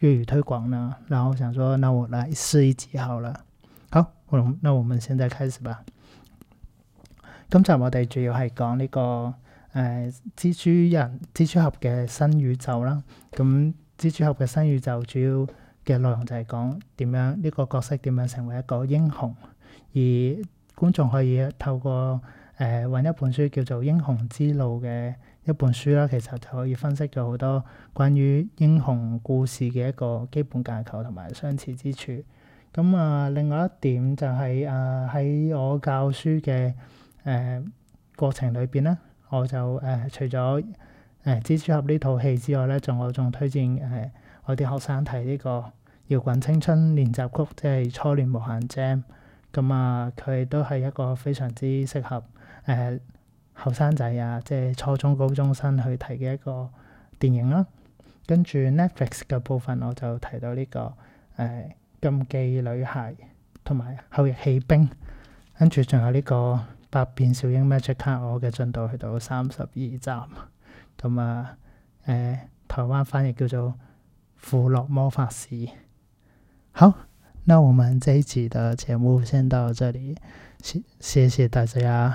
粵語推廣啦，那我想說，那我嚟試一集好了。好，我那我們現在開始吧。今集我哋主要係講呢個誒、呃、蜘蛛人、蜘蛛俠嘅新宇宙啦。咁、嗯、蜘蛛俠嘅新宇宙主要嘅內容就係講點樣呢、這個角色點樣成為一個英雄，而觀眾可以透過誒揾、呃、一本書叫做《英雄之路》嘅。一本書啦，其實就可以分析咗好多關於英雄故事嘅一個基本架構同埋相似之處。咁啊，另外一點就係、是、啊喺我教書嘅誒、呃、過程裏邊咧，我就誒、呃、除咗誒、呃、蜘蛛俠呢套戲之外咧，仲我仲推薦誒、呃、我啲學生睇呢、這個搖滾青春練習曲，即係初戀無限 JAM。咁、嗯、啊，佢都係一個非常之適合誒。呃後生仔啊，即係初中高中生去睇嘅一個電影啦。跟住 Netflix 嘅部分，我就提到呢、這個《誒、呃、禁忌女孩》同埋《後翼棄兵》，跟住仲有呢個《百變小櫻 Magic Card》嘅進度去到三十二集。咁啊誒，台灣翻譯叫做《庫洛魔法使》。好，那我們呢一集嘅節目先到這裏。謝謝大家。